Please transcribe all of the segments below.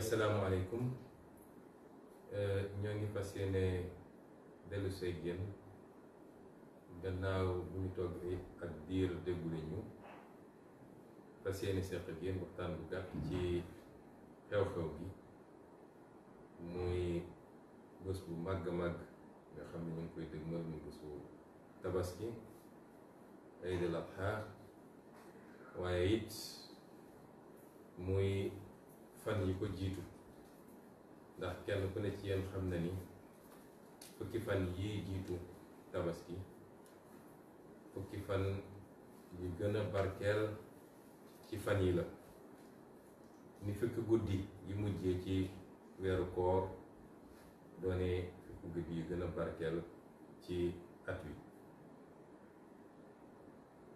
asalaamaaleykum eh, ñoo ngi fas yéene dellu say génn gannaaw bu ñu toog ak diir déggu nañu fas yéene seq génn waxtaan bu gàtt ci xew-xew gi muy bés bu màgg màgg nga xam ne ñu ngi koy dëgmal muy bésu tabaski Aïd el Adha waaye it muy fan yi ko jiitu ndax kenn ku ne ci yéen xam na ni fukki fan yi jiitu tabaski fukki fan yi gën a barkeel ci fan yi la ni fukki guddi yi mujjee ci weeru koor doone fukki guddi yi gën a barkeel ci at wi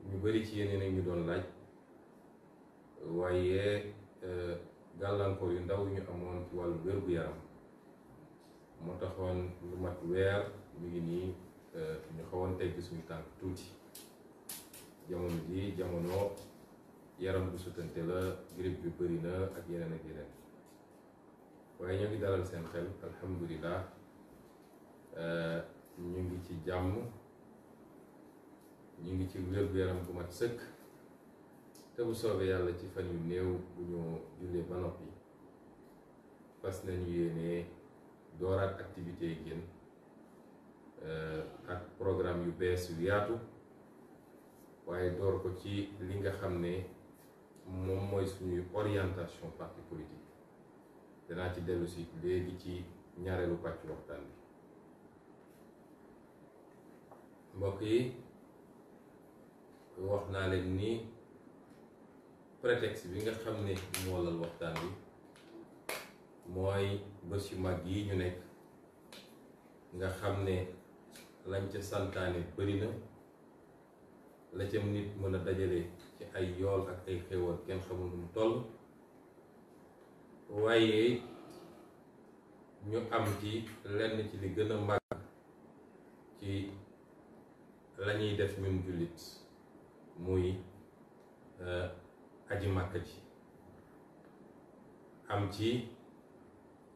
ñu bari ci yéen nag ñu doon laaj waaye euh, gàllankoor yu ndaw ñu amoon ci wàllu wér-gu-yaram moo taxoon lu mat weer mi ngi nii euh, ñu xawoon tegg suñu tànk tuuti jamono ji jamono yaram bu sutante la grippe bi bëri ak yeneen ak yeneen waaye ñoo ngi dalal seen xel alhamdulilah euh, ñu ngi ci jàmm ñu ngi ci wér-gu-yaram bu mat sëkk te bu soobee yàlla ci fan yu néew bu ñu jullee ba noppi fas nañu yéenee dooraat activités yi gën eh, ak programme yu bees yu yaatu waaye door ko ci li nga xam ne moom mooy suñuy orientation parti politique danaa ci dellu si léegi ci ñaareelu pàcc waxtaan bi mbokk yi wax naa leen ni prétexte bi nga xam ne moo lal waxtaan bi mooy bés mag yi ñu nekk nga xam ne lañ ca santaane bëri na la ca nit mën a dajale ci ay yool ak ay xéewal kenn xamul toll waaye ñu am ci lenn ci li gën a màgg ci lañuy def ñun jullit muy euh, aji màkk ji am ci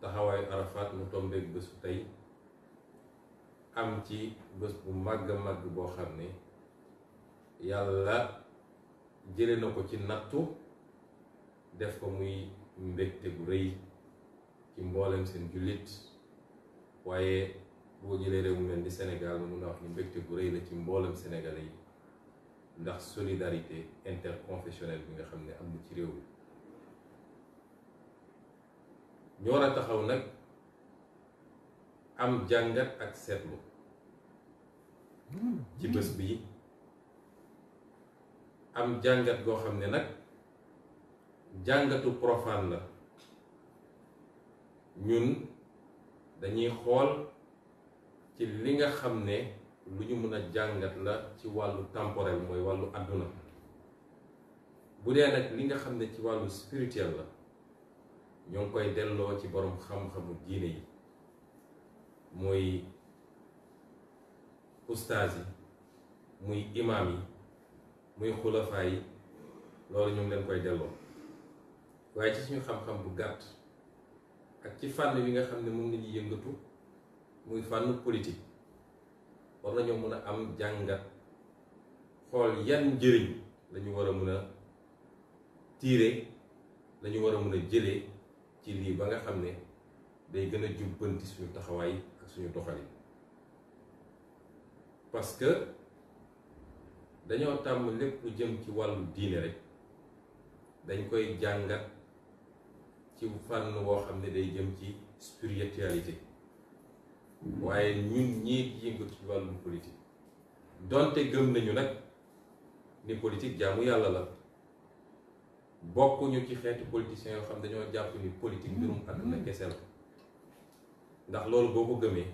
taxawaayu arafat mu tombeeg bésu tey am ci bés bu màgg màgg boo xam ne yàlla jële na ko ci nattu def ko muy mbégte gu rëy ci mboolem seen jullit waaye boo jëlee réew mu mel ni Sénégal mu mun a wax ni mbégte bu rëy la ci mboolem sénégalais yi ndax solidarité interconfessionnelle bi nga xam ne am na ci réew mi ñu war a taxaw nag am jàngat ak seetlu ci bés bii am jàngat goo xam ne nag jàngatu profane la ñun dañuy xool ci li nga xam ne lu ñu mën a jàngat la ci wàllu temporel mooy wàllu àdduna bu dee nag li nga xam ne ci wàllu spirituel la ñoo ngi koy delloo ci borom xam-xamu diine yi mooy ustaas yi muy imaam yi muy xulafaa yi loolu ñu ngi leen koy delloo waaye ci suñu xam-xam bu gàtt ak ci fànn yi nga xam ne moom la ñuy yëngatu muy fànn politique war nañoo mën a am jàngat xool yan njëriñ lañu war a mën a tiire lañu war a mën a jëlee ci lii ba nga xam ne day gën a jubbanti suñu taxawaay ak suñu doxalin parce que dañoo tàmm lépp lu jëm ci wàllu diine rek dañ koy jàngat ci fànn woo xam ne day jëm ci spiritualité waaye ñun ñii yëngu ci wàllum politique donte gëm nañu nag ni politique jaamu yàlla la bokkuñu ci xeetu politiciens yoo xam dañoo jàpp ni politique mbirum àdduna kese la ndax loolu boo ko gëmee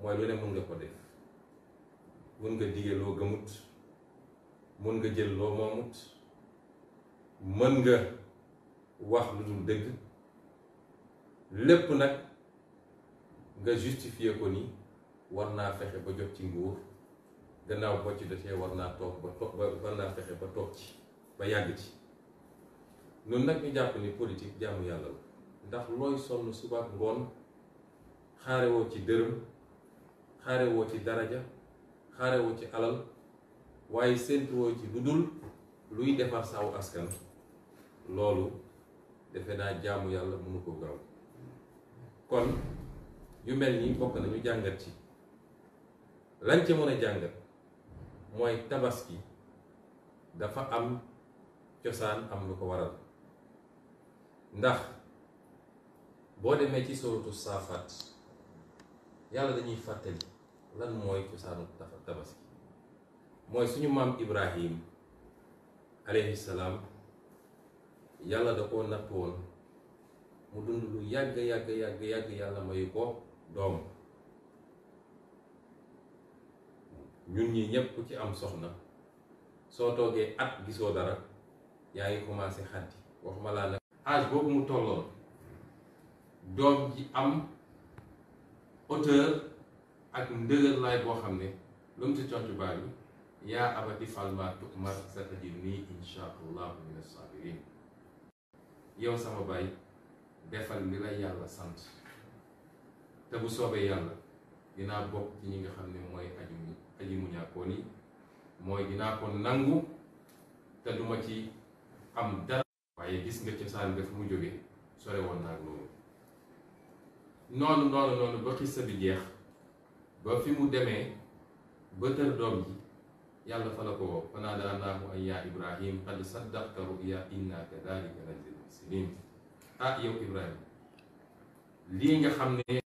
mooy lu ne mën nga ko def mën nga dige loo gëmut mën nga jël loo moomut mën nga wax lu dul dëgg lépp nag. nga justifier ko ni war naa fexe ba jot ci nguur gannaaw boo ci dotee war naa toog ba toog ba war naa fexe ba toog ci ba yàgg ci noonu nag ñu jàpp ni politique jaamu yàlla la ndax looy sonn suba ak ngoon xaare woo ci dërëm xaare woo ci daraja xaare woo ci alal waaye séentu woo ci lu dul luy defar saw askan loolu defe naa jaamu yàlla mënu ko gaaw kon yu mel nii bokk na nañu jàngat ci lañ ci mën a jàngat mooy tabaski dafa am cosaan am lu ko waral ndax boo demee ci suratu saafaat yàlla dañuy fàttali lan mooy cosaanu tabaski mooy suñu maam ibrahim alayhi salaam yàlla da koo natt mu dund lu yàgg yàgg yàgg yàgg yàlla mayu ko doom ñun ñi ñëpp ci am soxna soo toogee at gisoo dara yaa ngi commencé xaddi waxuma laa nag âge boobu mu tolloon doom ji am hauteur ak ndëgër laay boo xam ne lu mu ci concu yi yaa abati falma tukmar satajidni insha allahu yow sama baay defal li la yàlla sant te bu soobee yàlla dinaa bokk ci ñi nga xam ne mooy aji mu aji mu ñàkkoon yi mooy dinaa ko nangu te du ma ci am dara waaye gis nga cosaan nga mu jóge sore woon naa loolu noonu noonu noonu ba xissa bi jeex ba fi mu demee ba tër doom ji yàlla fa la ko woo fa naadaanaahu an yaa ibrahim qad saddaqta ruya inna kadalika najzil muslimin ah yow ibrahim lii nga xam ne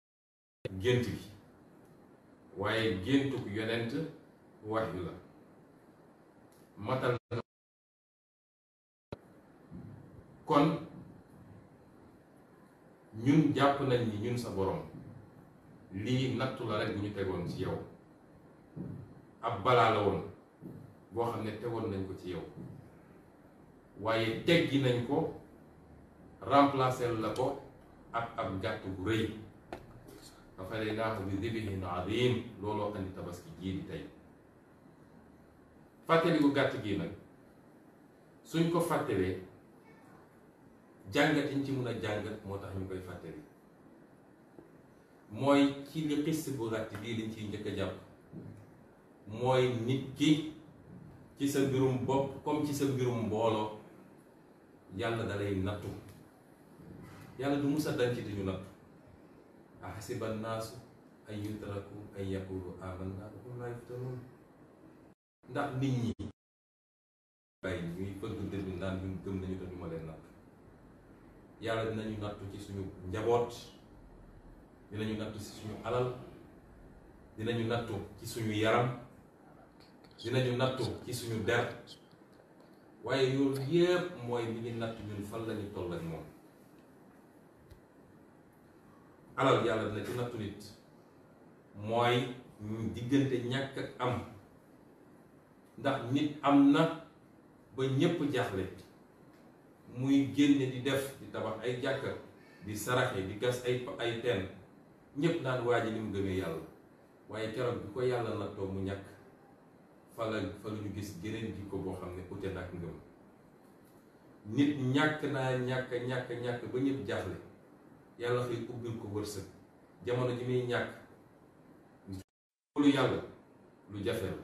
gént gi waaye géntuk yonent waxyu la matal kon ñun jàpp nañ ni ñun sa borom lii nattu la rek bu ñu tegoon ci yow ab balaa la woon boo xam ne tegoon nañ ko ci yow waaye teggi nañ ko remplacer la ko ak ab gàtt bu rëy fafadaynaahu bi dibhin aziim looloo andi tabaski jii di tey fàttali gu gàtt gii nag suñ ko fàttalee jàngat yiñ ci mun a jàngat moo tax ñu koy fàttali mooy ci li xis bu gàtt bii liñ ciy njëkk a jàpp mooy nit ki ci sa mbirum bopp comme ci sa mbirum mbooloo yàlla dalay nattu yàlla du musa danci di ñu nattu ahasiba annaasu an yutraku an yaqulu amanna wa hum laa yuftanuun ndax nit ñi bay ñuy fëgg naan ñun gëm nañu te du leen natt yàlla dinañu nattu ci suñu njaboot dinañu nattu ci suñu alal dinañu nattu ci suñu yaram dinañu nattu ci suñu der waaye yooyu yépp mooy mi ngi nattu ñun fan lañu toll ak moom alal yàlla dina ci nattu nit mooy diggante ñàkk ak am ndax nit am na ba ñépp jaaxle muy génne di def di tabax ay jàkka di saraxe di gas ay ay ñépp naan waa ji ni mu gëmee yàlla waaye keroog bi ko yàlla nattoo mu ñàkk fa la fa la ñu gis geneen jikko boo xam ne ute nag ngëm nit ñàkk naa ñàkk ñàkk ñàkk ba ñépp jaaxle yàlla xëy ubbil ko wërsëg jamono ji muy ñàkk wóolu yàlla lu jafe la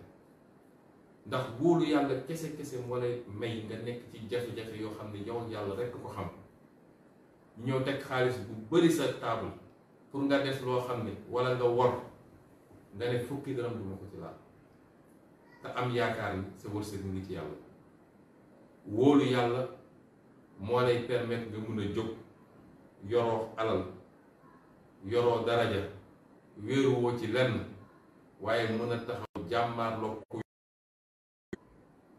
ndax wóolu yàlla kese kese moo lay may nga nekk ci jafe-jafe yoo xam ne yow yàlla rekk ko xam ñëw teg xaalis bu bari sa table pour nga def loo xam ne walla nga wor nga ne fukki dërëm duma ko ci laal te am yaakaar ni sa wërsëg mu ngi yàlla wóolu yàlla moo lay permettre nga mun a jóg yoroo alal yoroo daraja wéeruwoo ci lenn waaye mën a taxaw jàmmaarloo ku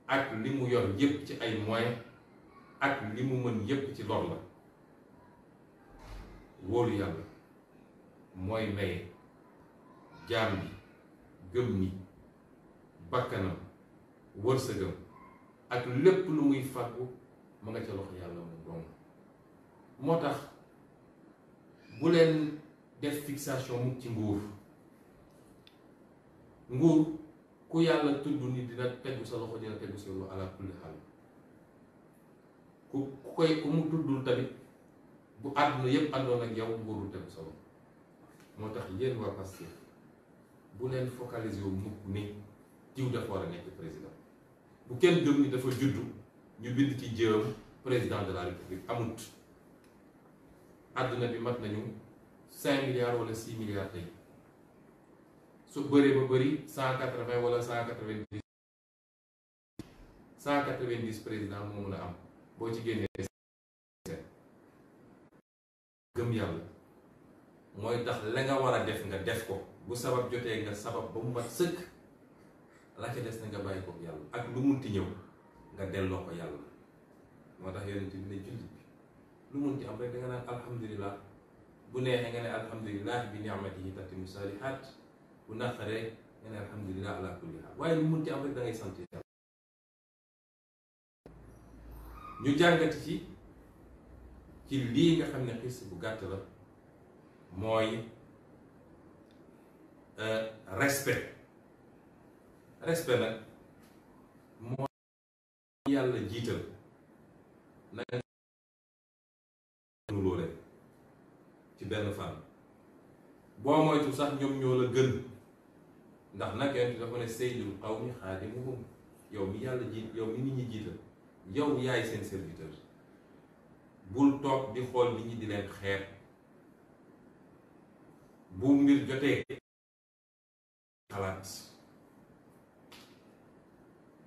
ak li mu yor yépp ci ay moyens ak li mu mën yépp ci lor la wóolu yàlla mooy maye jaam bi gëm ni bakkanam wërsëgam ak lépp lu muy fàggu ma nga ca loxo yàlla mu doom moo tax bu leen def fixation mu ci nguur nguur ku yàlla tudd ni dina tegu sa loxo dina tegu sa loxo ala kulli ku ku koy ku mu tuddul tamit bu àdduna yépp àndoon ak yow nguurul tegu sa loxo moo tax yéen waa Pastef bu leen focaliser wu mukk ni diw dafa war a nekk président bu kenn gëm ni dafa juddu ñu bind ci jëm président de la république amut àdduna bi mat nañu cinq milliards wala six milliards su bëree ba bëri cent quatre vingt wala cent quatre vingt dix cent quatre vingt dix président moom am boo ci génnee gëm yàlla mooy tax la nga war a def nga def ko bu sabab jotee nga sabab ba mu mat sëkk la ca des na nga bàyyi ko yàlla ak lu munti ñëw nga delloo ko yàlla moo tax yonent bi ne jullit lu mun ci am rek da nga alhamdulilah bu neexee nga ne alhamdulilah bi ni'matihi tatimu nga ne alhamdulilah ala kulli haal waaye lu mun ci am rek da ngay ñu jàngati ci ci lii nga xam ne xis bu gàtt la mooy euh, respect respect nag mooy yàlla jiital na benn fan boo moytu sax ñoom ñoo la gën ndax nag yonent dafa ne sayyidul qawmi xaadimuhum yow mi yàlla ji yow mi nit ñi jiital yow yaay seen serviteur bul toog di xool nit ñi di leen xeer bu mbir jotee xalaat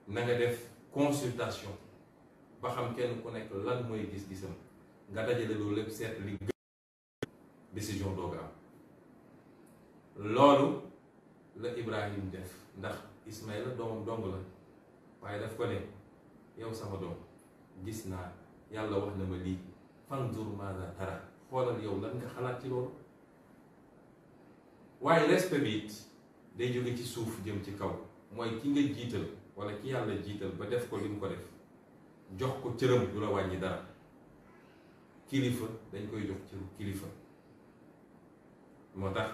na def consultation ba xam kenn ku nekk lan mooy gis-gisam nga dajale loolu lépp seet li décision doog loolu la Ibrahim def ndax Ismaïla doomam dong la waaye daf ko ne yow sama doom gis naa yàlla wax na ma lii fanzur maada tara xoolal yow lan nga xalaat ci loolu waaye respect day jóge ci suuf jëm ci kaw mooy ki nga jiital wala ki yàlla jiital ba def ko li mu ko def jox ko cëram du la wàññi dara kilifa dañ koy jox cëru kilifa moo tax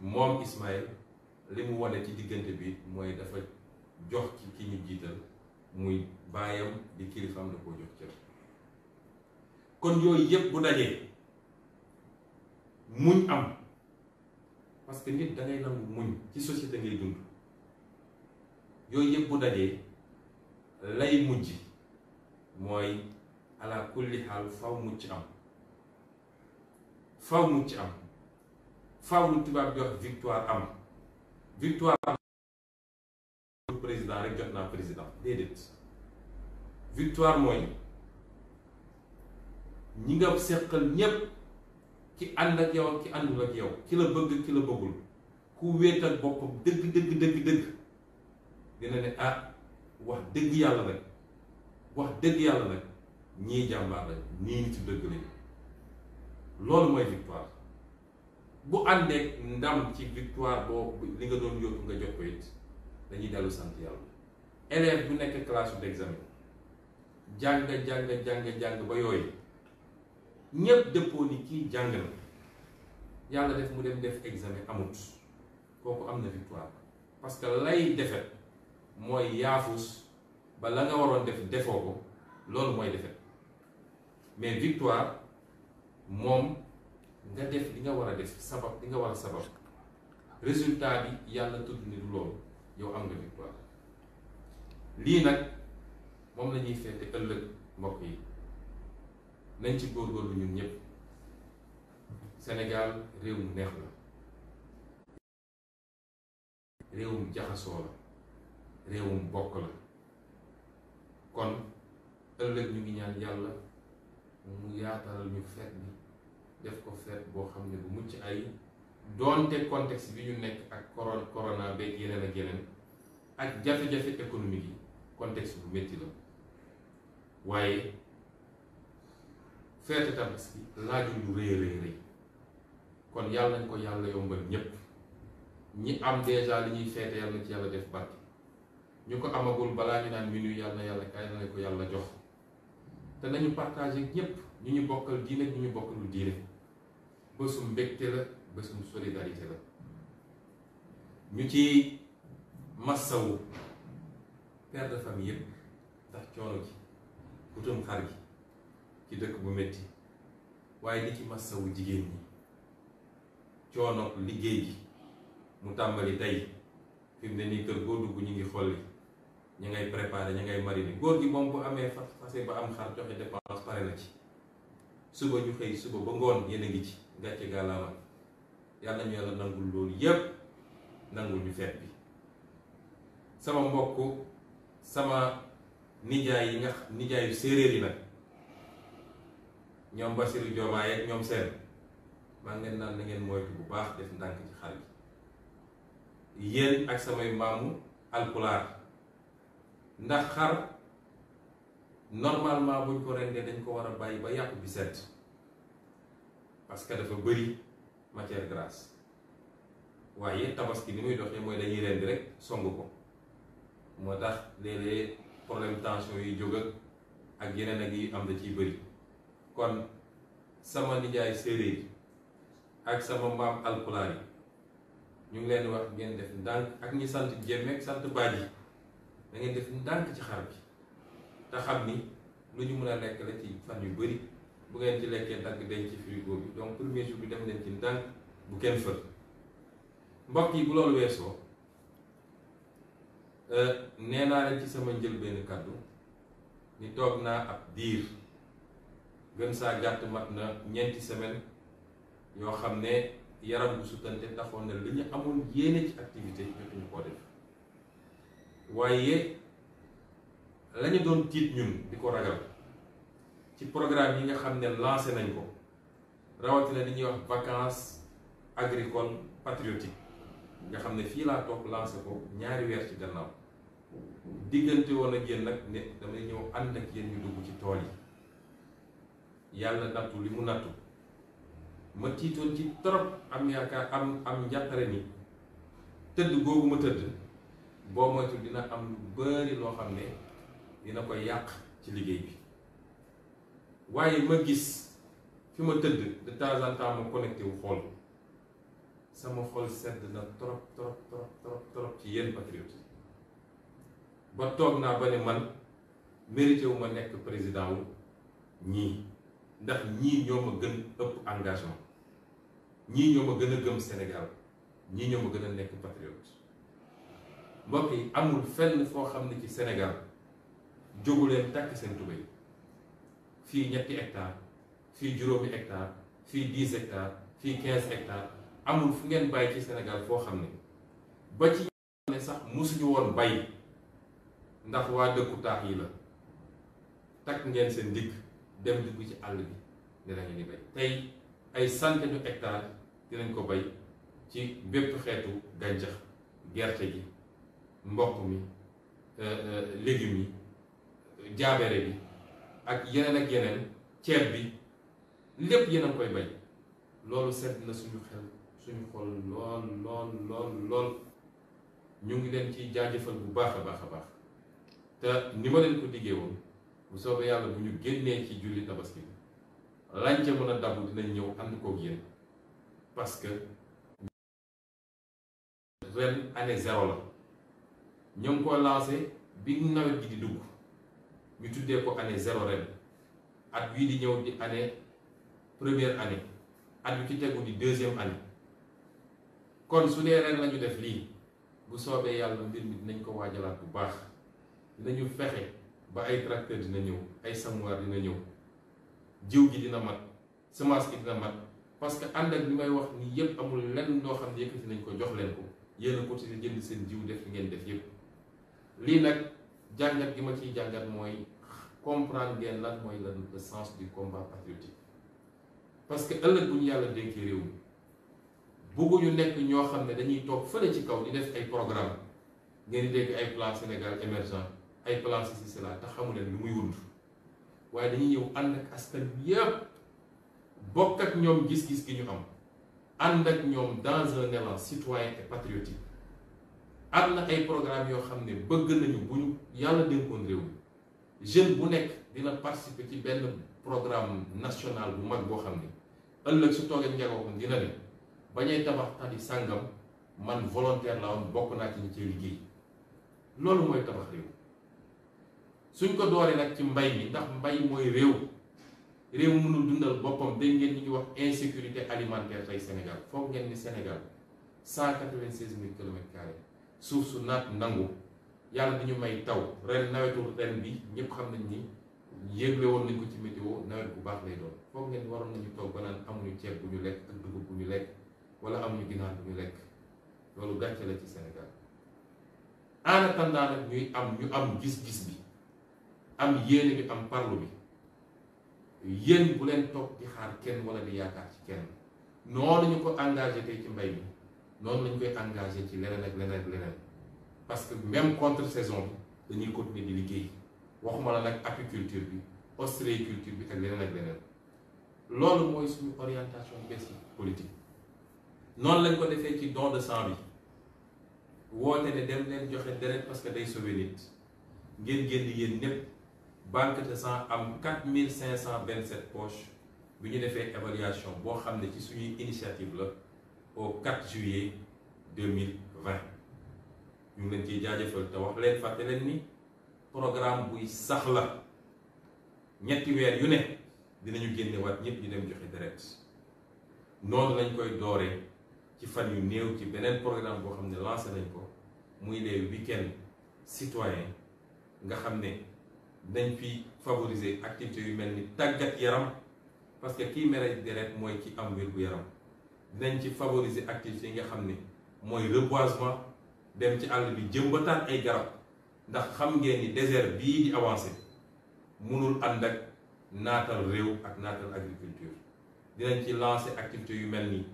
moom Ismaël li mu wane ci diggante bi mooy dafa jox ci ki ñu jiital muy baayam di kilifam da koo jox cër kon yooyu yépp bu dajee muñ am parce que nit dangay nangu muñ ci société ngay dund yooyu yépp bu dajee lay mujj mooy ala xaal faw mucc am faw mucc am faaw lu tubaab di wax victoire am victoire am président rek jot naa président déedéet ñi nga seqal ñépp ki ànd ak yow ki àndul ak yow ki la bëgg ki la bëggul ku wéet ak boppam dëgg dëgg dëgg dëgg dina ne ah wax dëgg yàlla rek wax dëgg yàlla rek ñii jàmbaar rek ñii nitu dëgg lañu loolu mooy victoire bu àndeek ndam ci victoire boobu li nga doon yóbbu nga jot ko dañuy dellu sant yàlla élève bu nekk classe d'examen jàng jàng jàng jàng ba yooyu ñépp dëppoo ni kii jàng na yàlla def mu dem def examen amut kooku am na victoire parce que lay defet mooy yaafus ba la nga waroon def defoo ko loolu mooy defet mais victoire moom nga def li nga war a def sabab di nga war a sabab résultat bi yàlla tudd ni du loolu yow am nga victoire lii nag moom lañuy ñuy ëllëg mbokk yi nañ ci góorgóorlu ñun ñëpp Sénégal réew mu neex la réewum jaxasoo la réewum bokk la kon ëllëg ñu ngi ñaan yàlla mu yaataral ñu feet def ko feet boo xam ne bu mucc ay doonte contexte bi ñu nekk ak corona corona beeg yeneen ak yeneen ak jafe-jafe économique yi contexte bu métti la waaye feete tabaski laajul lu rëy rëy rëy kon yàlla nañ ko yàlla yombal ñépp ñi am dèjà li ñuy feete yàlla na ci yàlla def barke ñu ko amagul balaa ñu naan minu yàlla na yàlla kaay na ko yàlla jox te nañu partagé ñëpp ñu ñu bokkal diine ñu ñu bokkalul diine bésum mbégte la bésum solidarité la ñu ci massawu père de famille yëpp ndax coono ji utum xar gi ci dëkk bu métti waaye li ci massawu jigéen ñi coono liggéey gi mu tàmbali tey fi mu ne nii kër goo dugg ñu ngi xolli ñu ngay préparé ñu ngay mariner góor gi moom bu amee fas fase ba am xar joxe dépense pare na ci suba ñu xëy suba ba ngoon yéen ngi ci gàcce gàllaama yàlla ñu yàlla nangul loolu yépp nangul ñu feet bi sama mbokk sama nijaay yi nga nijaayu séeréer yi nag ñoom Basiru Joomaay ak ñoom seen maa ngeen naan na ngeen moytu bu baax def ndànk ci xar yi yéen ak samay maamu alpulaar ndax xar normalement buñ ko rendee dañ ko war a bàyyi ba yàpp bi set parce que dafa bëri matière grasse waaye tabaski ni muy doxee mooy dañuy rendi rek song ko moo tax léeg-léeg problème tension yi jóg ak yeneen ak yi am da ciy bëri kon sama nijaay séeréer yi ak sama mbaam alpulaar yi ñu ngi leen wax ngeen def ndànk ak ñi sant jéem ak sant baaj yi dangeen ngeen def ndànk ci xar bi te xam ni lu ñu mën a lekk la ci fan yu bëri bu ngeen ci lekkee dagg denc ci frigo bi donc premier jour bi def leen ci ndànk bu kenn fër mbokk yi bu loolu weesoo euh, nee naa rek ci sama njëlbéenu kàddu ni toog naa ab diir gën saa gàtt mat na ñeenti semaine yoo xam ne yaram bu sutante taxoon na li ñu amoon yéene ci activité jotuñu koo def waaye lañu doon tiit ñun di ko ragal ci programme yi nga xam ne lancé nañ ko rawatina li ñuy wax vacances agricole patriotique nga xam ne fii laa toog lancé ko ñaari weer ci gannaaw diggante woon ak yéen nag ne damay ñëw ànd ak yéen ñu dugg ci tool yi yàlla nattu li mu nattu ma tiitoon ci trop am yaakaar am am njàqare ni tëdd googu ma tëdd boo moytul dina am lu bari loo xam ne dina ko yàq ci liggéey bi waaye ma gis fi ma tëdd de temps en temps ma connecté wu xool sama xol sedd na trop trop trop trop trop ci yenn patriote ba toog naa ba ne man mérité ma nekk président wu ñii ndax ñii ñoo ma gën ëpp engagement ñii ñoo ma gën a gëm Sénégal ñii ñoo ma gën a nekk patriote mbokk yi amul fenn foo xam ne ci Sénégal jóguleen takk seen tubéy fii ñetti hectare fii juróomi hectare fii dix hectare fii quinze hectare amul fu ngeen bàyyi ci Sénégal foo xam ne ba ci ne sax musuñu woon bay ndax waa dëkku taax yi la takk ngeen seen digg dem dugg ci àll bi ne la ni bay tey ay centaine de hectares dinañ ko bay ci bépp xeetu gàncax gerte gi mboq mi euh, euh, légumes yi jaabere bi ak yeneen ak yeneen ceeb bi lépp yéen koy bay loolu sedd na suñu xel suñu xol lool lool lool ñu ngi leen ci jaajëfal bu baax a baax a baax te ni ma leen ko diggee woon bu soobee yàlla bu ñu génnee ci julli tabaski bi lañ ca mën a dabu dinañ ñëw ànd koog yéen parce que ren année zéro ñoo ngi ko lancé bi nawet gi di dugg ñu tuddee ko année zéro ren at bii di ñëw di année première année at bi ci tegu di deuxième année kon su nee ren lañu def lii bu soobee yàlla mbir mi dinañ ko waajalaat bu baax dinañu fexe ba ay tracteur dina ñëw ay samuwaar dina ñëw jiw gi dina mat semence gi dina mat parce que ànd ak li may wax ni yépp amul lenn loo xam ne yëkkati nañ ko jox leen ko yéen a continuer jënd seen jiw def li ngeen def yépp lii nag jàngat gi ma ciy jàngat mooy comprendre ngeen lan mooy lan le sens du combat patriotique parce que ëllëg bu ñu yàlla dénkee réew mi bugguñu nekk ñoo xam ne dañuy toog fële ci kaw di def ay programme ngeen di dégg ay plan Sénégal émergent ay plan ceci cela te xamu leen lu muy wund waaye dañuy ñëw ànd ak askan yépp bokk ak ñoom gis-gis gi ñu am ànd ak ñoom dans un élan citoyen et patriotique at na ay programme yoo xam ne bëgg nañu bu ñu yàlla dénkoon réew mi jeune bu nekk dina participer ci benn programme national bu mag boo xam ne ëllëg su toogee njagoo dina ne bañee tabax tali sàngam man volontaire la bokk naa ci ñi ci liggéey loolu mooy tabax réew suñ ko dooree nag ci mbay mi ndax mbay mooy réew réew mënul dundal boppam dégg ngeen ñi ngi wax insécurité alimentaire tey Sénégal foog ngeen ni Sénégal cent quatre-vingt-seize mille kilomètres suuf su naat nangu yàlla dañu may taw ren nawetu ren bi ñëpp xam nañ ni yégle woon nañ ko ci météo nawet bu baax lay doon foog ngeen waroon nañu toog ba naan amuñu ceeb bu ñu lekk ak dugub bu ñu lekk wala amuñu ginaar bu ñu lekk loolu gàcce la ci Sénégal en attendant ñuy am ñu am gis-gis bi am yéene bi am parlu bi yéen bu leen toog di xaar kenn wala di yaakaar ci kenn noonu ñu ko engagé tey ci mbay mi noonu lañ koy engagé ci leneen ak leneen ak leneen parce que même contre saison bi dañuy continuer di liggéey waxuma la nag apiculture bi ostréiculture bi ak leneen ak leneen loolu mooy suñu orientation bees yi politique noonu lañ ko defee ci don de sang bi woote ne dem leen joxe deret parce que day sauver nit ngeen génn yéen ñépp banque de sang am 4527 poches bi ñu defee évaluation boo xam ne ci suñuy initiative la au 4 juillet 2020 ñu ngi leen ciy jaajëfal te wax leen fàtte leen ni programme buy sax la ñetti weer yu ne dinañu génne waat ñëpp ñu dem joxe deret noonu lañ koy dooree ci fan yu néew ci beneen programme boo xam ne lancé nañ ko muy les week-ends nga xam ne dañ fi favoriser activités yu mel ni tàggat yaram parce que kii mere deret mooy ci am wér gu yaram nañ ci favoriser activités yi nga xam ni mooy reboisement dem ci àll bi jëmbataan ay garab ndax xam ngeen ni désert bii di avancé mënul ànd ak naatal réew ak naatal agriculture dinañ ci lancer activité yu mel ni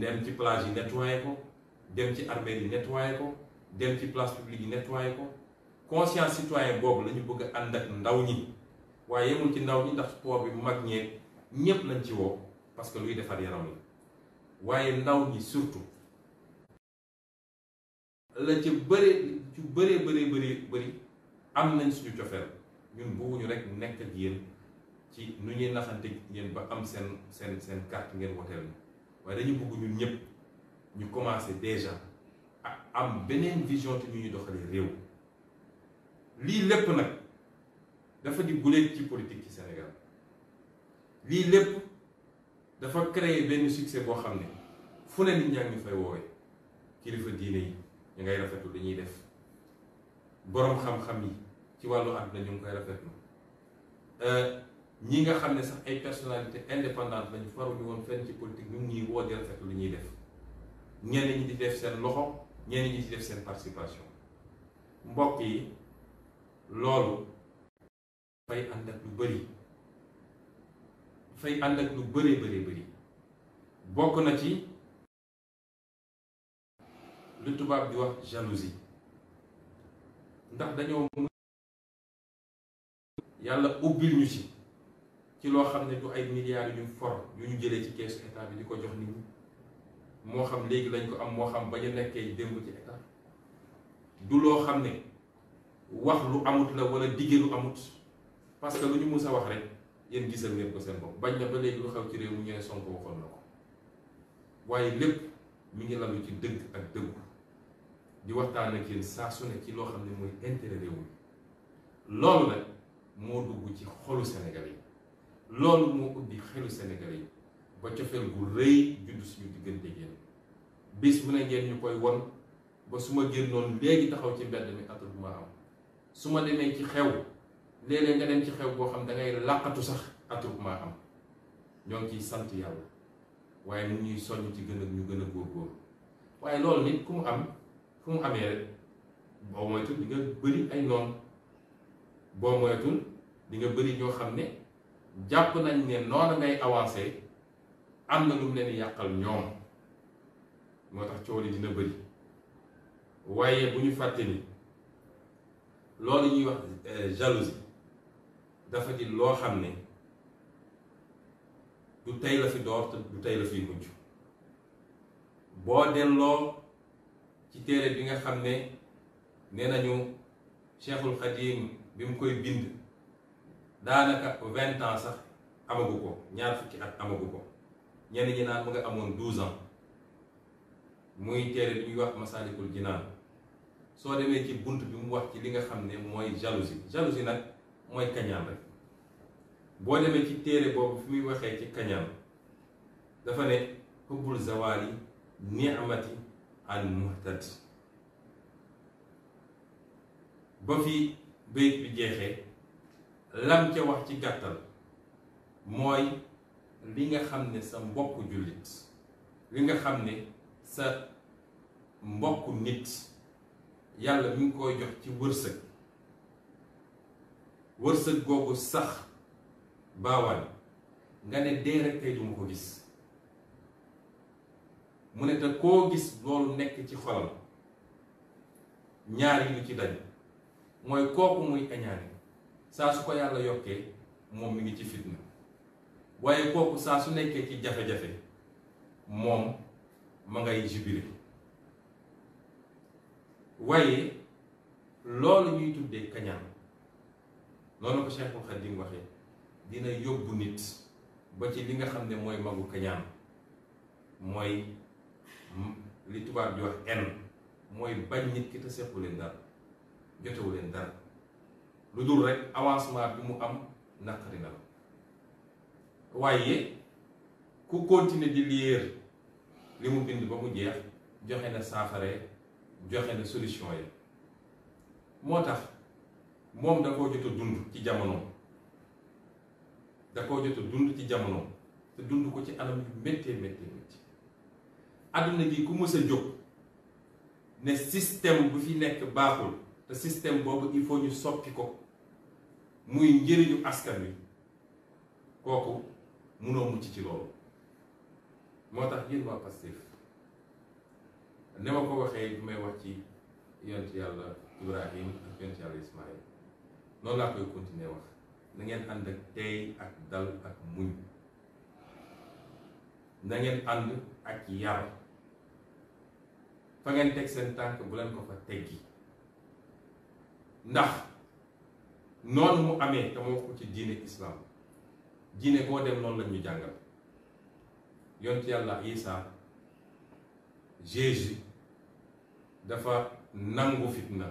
dem ci plage yi nettoyé ko dem ci armée yi ko dem ci place publique yi nettoyé ko conscience citoyen boobu la ñu bëgg a ànd ak ndaw ñi waaye yemul ci ndaw ñi ndax sport bi mag ñee ñépp lañ ci woo parce que luy defar yaram la waaye ndaw ñi surtout la ci bëree ci bëree bëree bëree bëri am nañ suñu cofeel ñun bëgguñu rek nekk ak yéen ci nu ñuy naxante ngeen ba am seen seen seen carte ngeen woteel ñu waaye dañu bëgg ñun ñëpp ñu commencé déjà ak am beneen vision te ñu ñuy doxalee réew lii lépp nag dafa di guléet ci politique ci Sénégal lii lépp dafa créer benn succès boo xam ne fu ne nit ñaa ngi fay woowee kilifa diine yi ñu ngay rafetlu ñuy def boroom xam-xam yi ci wàllu àdduna ñu ngi koy rafetlu euh, ñi nga xam ne sax ay personnalité indépendante lañu faruñu woon fenn ci politique ñu ngi woo di rafetlu lu ñuy def ñenn ñi di def seen loxo ñenn ñi di def seen participation mbokk yi loolu dafay ànd ak lu bari dafay ànd ak lu bëree bëree bëri bokk na ci lu tubaab di wax jalousie ndax dañoo mën yàlla ubbil ñu ci ci loo xam ne du ay milliards yu ñu for yu ñu jëlee ci keesu état bi di ko jox nit ñi moo xam léegi lañ ko am moo xam ba ñu nekkee démb ci état du loo xam ne wax lu amut la wala dige lu amut parce que lu ñu musa a wax rek. yéen gisal ngeen ko seen bopp bañ na ba léegi lu xew ci réew mi ñu ne Sonko na ko waaye lépp mi ngi lalu ci dëgg ak dëggu di waxtaan ak yéen saa su ne ci loo xam ne mooy intérêt réew mi loolu moo dugg ci xolu Sénégal yi loolu moo ubbi xelu Sénégal yi ba cofeel gu rëy juddu suñu diggante yéen bis mu ne ngeen ñu koy won ba su ma génnoon léegi taxaw ci mbedd mi atul bu ma am su ma demee ci xew léeg-léeg nga dem ci xew boo xam da ngay làqatu sax attroupement am ñoo ngi ciy sant yàlla waaye mu ñuy soññ ci gën a ñu gën a góorgóor waaye loolu nit ku mu am fu mu amee rek boo moytul di bëri ay noon boo moytul di nga bëri ñoo xam ne jàpp nañ ne noonu ngay avancé am na lu mu leen yàqal ñoom moo tax coow li dina bëri waaye bu ñu fàtte ni loolu ñuy wax euh, jalousie dafa di loo xam ne du tey la fi door te du tey la fi mujj boo delloo ci téere bi nga xam ne nee nañu Cheikhul Khadim bi mu koy bind daanaka vingt ans sax amagu ko ñaar fukki at amagu ko ñenn ñi naan mu nga amoon douze ans muy téere bi ñuy wax Masalikul Jinaan soo demee ci bunt bi mu wax ci li nga xam ne mooy jalousie jalousie nag mooy kañaan rek boo demee ci téere boobu fi muy waxee ci kañaan dafa ne xubbul zawaali ni'mati al muhtad ba fi béyt bi jeexee lam ca wax ci gàttal mooy li nga xam ne sa mbokk jullit li nga xam ne sa mbokk nit yàlla mi ngi koy jox ci wërsëg wërsëg googu sax baawaan nga ne dee rek tey duma ko gis mu ne te koo gis loolu nekk ci xolam ñaar yi lu ci daj mooy kooku muy añaane saa su ko yàlla yokkee moom mi ngi ci fitna waaye kooku saa su nekkee ci jafe-jafe moom ma ngay jibire waaye loolu ñuy tuddee kañaan noonu ko Cheikhul Khadim waxee dina yóbbu nit ba ci li nga xam ne mooy magu kañaan mooy li tubaab di wax mooy bañ nit ki te sequ leen dara jotewu leen dara lu dul rek avancement bi mu am naqari na la waaye ku continuer di liir li mu bind ba mu jeex joxe na saafare joxe na solution yi moo tax moom da koo jot a dund ci jamono da koo jot dund ci jamono te dund ko ci anam yu méttee méttee métti àdduna gi ku mës jóg ne système bu fi nekk baaxul te système boobu il foo ñu soppi ko muy njëriñu askan wi kooku munoo mucc ci loolu moo tax yéen waa Pastef ne ma ko waxee bi may wax ci yonent yàlla Ibrahim ak yonent yàlla Ismaïl noonu laa koy continuer wax na ngeen ànd ak tey ak dal ak muñ na ànd ak yar fa ngeen teg seen tànk bu leen ko fa teggi ndax noonu mu amee te moo ko ci diine islam diine boo dem noonu la ñu jàngal yont yàlla Isa Jésus dafa nangu fitna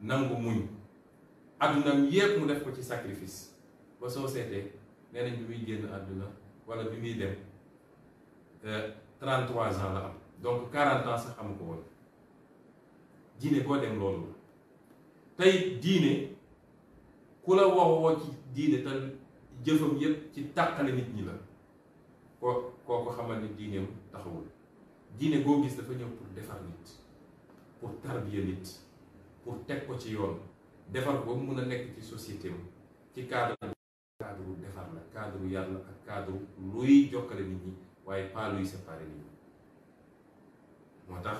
nangu muñ addunaam yépp mu def ko ci sacrifice ba soo seetee nee nañ bi muy génn àdduna wala bi muy dem 33 euh, ans la am donc 40 ans sax amu ko woon diine boo dem loolu la tey diine ku la waxoo ci diine te jëfam yépp ci tàqale nit ñi la ko kooku xamal ni diineem taxawul diine boo gis dafa ñëw pour defar nit pour tarbiya nit pour teg ko ci yoon defar ko mun a nekk ci société ci cadre cadre defar la cadre yàlla ak cadre luy jokkale nit ñi waaye pas luy séparé nit ñi moo tax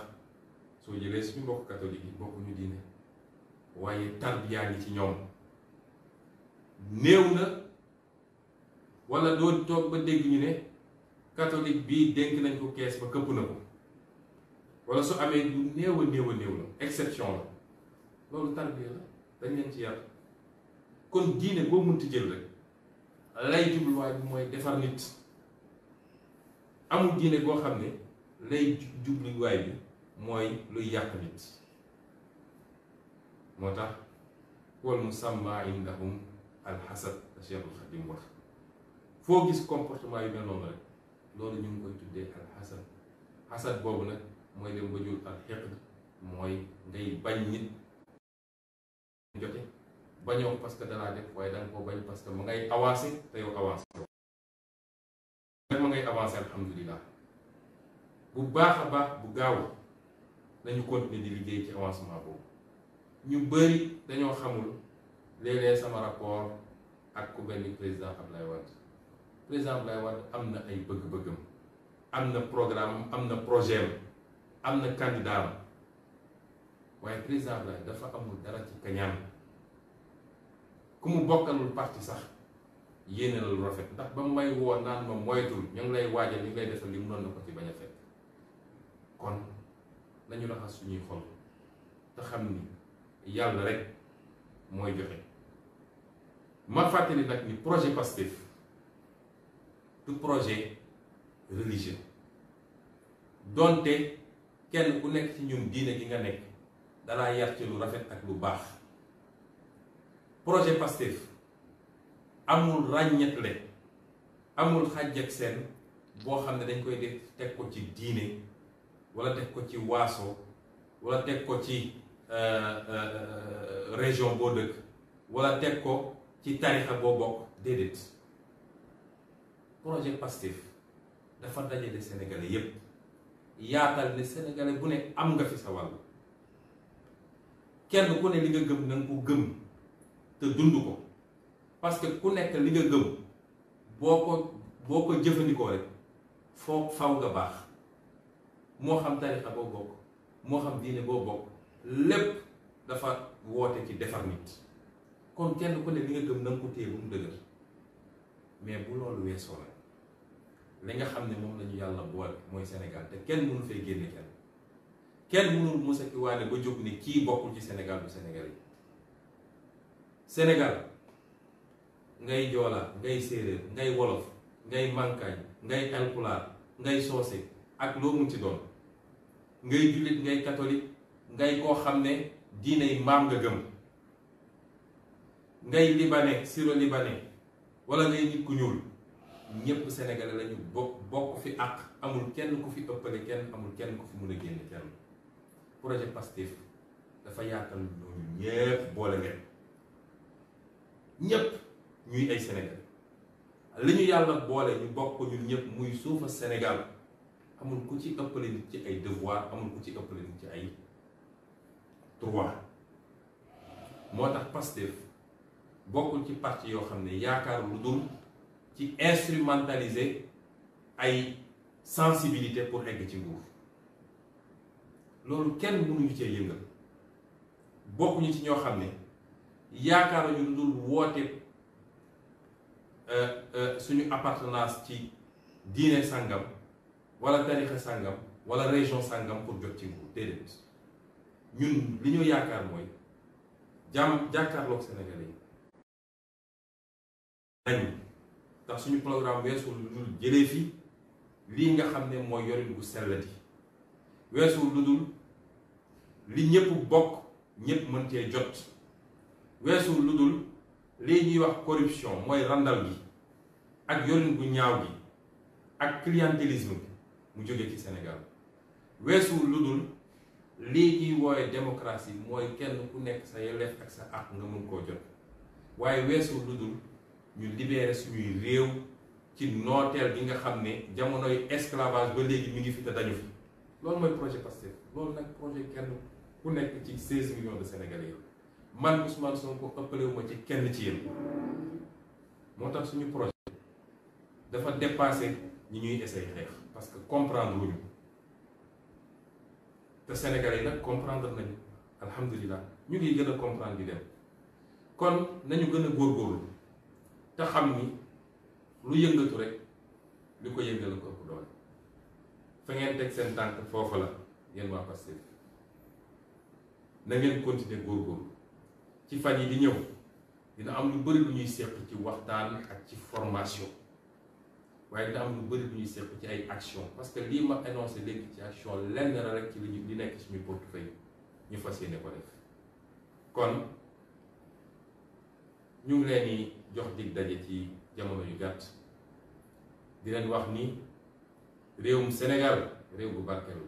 soo jëlee suñu mbokk catholique yi bokkuñu diine waaye tarbiyaa yi ci ñoom néew na wala doo toog ba dégg ñu ne catholique bii dénk nañ ko kees ba këpp na ko wala su amee du néew a néew a exception la loolu tarbiya la dañ leen ci yar kon diine boo mënti jël rek lay jubluwaay bi mooy defar nit amul diine boo xam ne lay jubluwaay bi mooy luy yàq nit moo tax wal musamma indahum alxasad la Cheikhul Xadim wax foo gis comportement yu mel noonu rek loolu ñu ngi koy tuddee alxasad xasad boobu nag mooy dem ba jur alxiqd mooy ngay bañ nit jote bañoo parce que dalaa def waaye danga ko bañ parce que ngay avancé te avancé nag ma bu baax a baax bu gaaw nañu continuer di liggéey ci avancement boobu ñu bëri dañoo xamul léeg sama rapport ak ku benn président lay Wade président Ablaye Wade am na ay bëgg-bëggam am na programme am na projet am na candidat waaye président Abdoulaye dafa amul dara ci kañaam ku mu bokkalul parti sax yéene la lu rafet ndax ba may woo naan ma moytul ñu ngi lay waajal ñu ngay lay defal li mu noon na ko ci bañ a fekk kon nañu raxas suñuy xol te xam ni yàlla rek mooy joxe ma fàttali nag ni projet Pastef du projet religieux donte kenn ku nekk ci ñun diine gi nga nekk dalaa yar ci lu rafet ak lu baax projet Pastef amul ràññetle amul xàjj ak seen boo xam ne dañ koy def teg ko ci diine walla teg ko ci waaso walla teg ko ci euh, euh, euh, région boo dëkk wala teg ko ci tarixa boo bokk déedéet projet Pastef dafa dajale sénégalais yépp yaatal ne sénégalais bu ne am nga fi sa wàll kenn ku ne li nga gëm na nga gëm te dund ko parce que ku nekk li nga gëm boo ko boo ko jëfandikoo rek foo faw nga baax moo xam tarixa boo bokk moo xam diine boo bokk lépp dafa woote ci defar nit kon kenn ku ne li nga gëm na nga ko téye bu mu dëgër mais bu loolu weesoo la li nga xam ne moom la ñu yàlla boole mooy senegal te kenn mënu fay génne kenn kenn mënul Moussa Kiwane ba jóg ni kii bokkul ci Sénégal bu Sénégal yi Sénégal ngay joola ngay séeréer ngay wolof ngay mankaañ ngay alpulaar ngay soose ak loo mun ci doon ngay jullit ngay catholique ngay koo xam ne diinay maam nga gëm ngay libanais siro libanais wala ngay nit ku ñuul ñépp sénégalais lañu bokk bokk fi ak amul kenn ku fi ëppale kenn amul kenn ku fi mun a génn kenn projet Pastef dafa yaatal ñooñu ñëpp boole ngeen ñëpp ñuy ay Sénégal li ñu yàlla boole ñu bokk ñun ñëpp muy suufa Sénégal amul ku ci ëppale nit ci ay devoir amul ku ci ëppale nit ci ay droit moo tax Pastef bokkul ci parti yoo xam ne yaakaar lu dul ci instrumentaliser ay sensibilité pour egg ci nguur loolu kenn mënuñu cee yëngal bokkuñu ci ñoo xam ne yaakaar lu dul woote euh, euh, suñu appartenance ci diine sàngam walla tarixa sàngam wala région sàngam pour jot ci nguur déedéet ñun li ñu yaakaar mooy jàmm jàkkaarloog Sénégalais yi ndax suñu programme weesul lu dul jëlee fi lii nga xam ne mooy yorin bu sellati weesuwul lu dul li ñëpp bokk ñëpp mën cee jot weesuwul lu dul lii ñuy wax corruption mooy randal gi ak yorin bu ñaaw gi ak clientélisme bi mu jóge ci senegal weesuwul lu dul lii ñuy wooye démocratie mooy kenn ku nekk sa yelleef ak sa àq nga mën koo jot waaye weesuwul lu dul ñu libéré suñuy réew ci nooteel bi nga xam ne jamonoy esclavage ba léegi mi ngi fi te dañu fi loolu mooy projet Pastef loolu nag projet kenn ku nekk ci 16 millions de sénégal yi man Ousmane Sonko ëppale wu ma ci kenn ci yéen moo tax suñu projet dafa dépassé ñi ñuy essayé xeex parce que comprendre wuñu te sénégal yi nag comprendre nañu alhamdulilah ñu ngi gën a comprendre di dem kon nañu gën a góorgóorlu te xam ni lu yëngatu rek li ko yëngal ko ëpp doole. fa ngeen teg seen tànk foofu la yéen waa Pastef na ngeen continuer góorgóorlu ci fan yi di ñëw dina am lu bëri lu ñuy seq ci waxtaan ak ci formation waaye dina am lu bëri lu ñuy seq ci ay action parce que lii ma énoncé léegi ci action lenn la rek ci li ñu li nekk suñu portefeuille ñu fas yéene ko def kon ñu ngi leen di jox di daje ci jamono yu gàtt di leen wax ni. réewum Sénégal réew bu barkeelu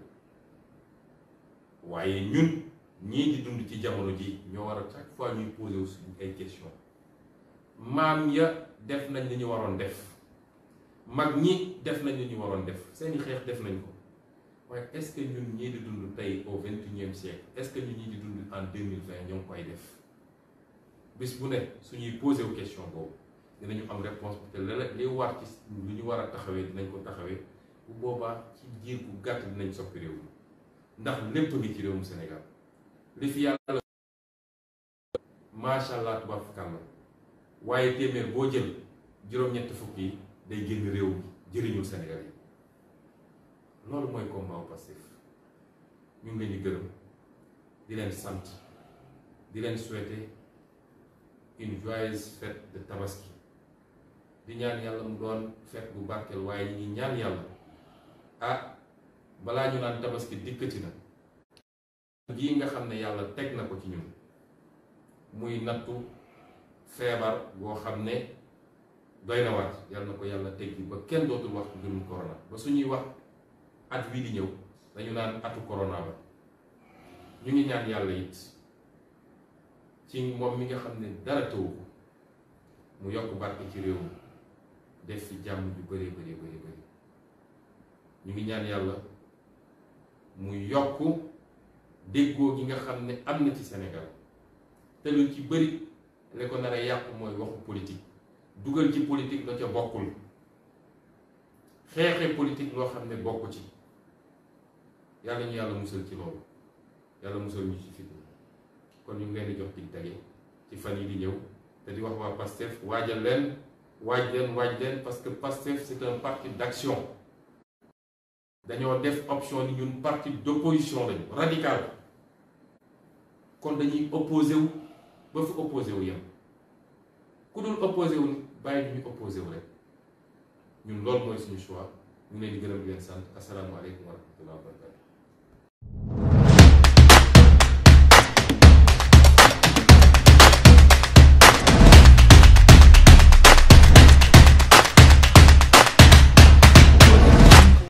waaye ñun ñii di dund ci jamono ji ñoo war a chaque fois ñuy posé wu suñu ay question maam ya def nañ li ñu waroon def mag ñi def nañ li ñu waroon def seeni xeex def nañ ko waaye est-ce que ñun ñii di dund tey au vingt unième siècle est-ce que ñun ñii di dund en deux mille vingt ñoo ngi koy def bis bu ne suñuy posé wu question boobu dinañu am réponse te la li war ci lu ñu war a taxawee dinañ ko taxawee bu boobaa ci diir bu gàtt dinañ soppi réew mi ndax lépp ngi ci réewum Sénégal li fi yàlla macha allah tubaab fi kàlla waaye téeméer boo jël juróom-ñett fukk day génn réew mi jëriñul Sénégal yi loolu mooy combat Pastef ñu ngi leen di leen sant di leen souhaiter une joyeuse fête tabaski di ñaan yàlla mu doon fête bu barkeel waaye ñi ñaan yàlla ah balaa ñu naan tabaski dikkati na gii nga xam ne yàlla teg na ko ci ñun muy nattu feebar goo xam ne doy na waat yàlla na ko yàlla teg bi ba kenn dootul wax mbirum corona ba suñuy wax at wii di ñëw dañu naan atu corona ba ñu ngi ñaan yàlla it ci moom mi nga xam ne dara tëwu mu yokk barke ci réew mi def ci jàmm yu bëree bëree bëree ñu ngi ñaan yàlla mu yokk déggoo gi nga xam ne am na ci Sénégal te lu ci bëri li ko nar a yàq mooy waxu politique dugal ci politique la ca bokkul xeexe politique loo xam ne bokk ci yàlla ñu yàlla musal ci loolu yàlla musal ñu ci fitna kon ñu ngi leen di jox dig daje ci fan yi di ñëw te di wax waa PASTEF waajal leen waaj leen waaj leen parce que PASTEF c'est un parti d'action dañoo def option ni ñun parti d'opposition lañu radical kon dañuy opposé wu ba fi opposé wu yem ku dul opposé wu bàyyi ñu ñu opposé wu rek ñun loolu mooy suñu choix ñu ngi leen di gërëm di leen sant asalaamualeykum wa rahmatulah wa barakatu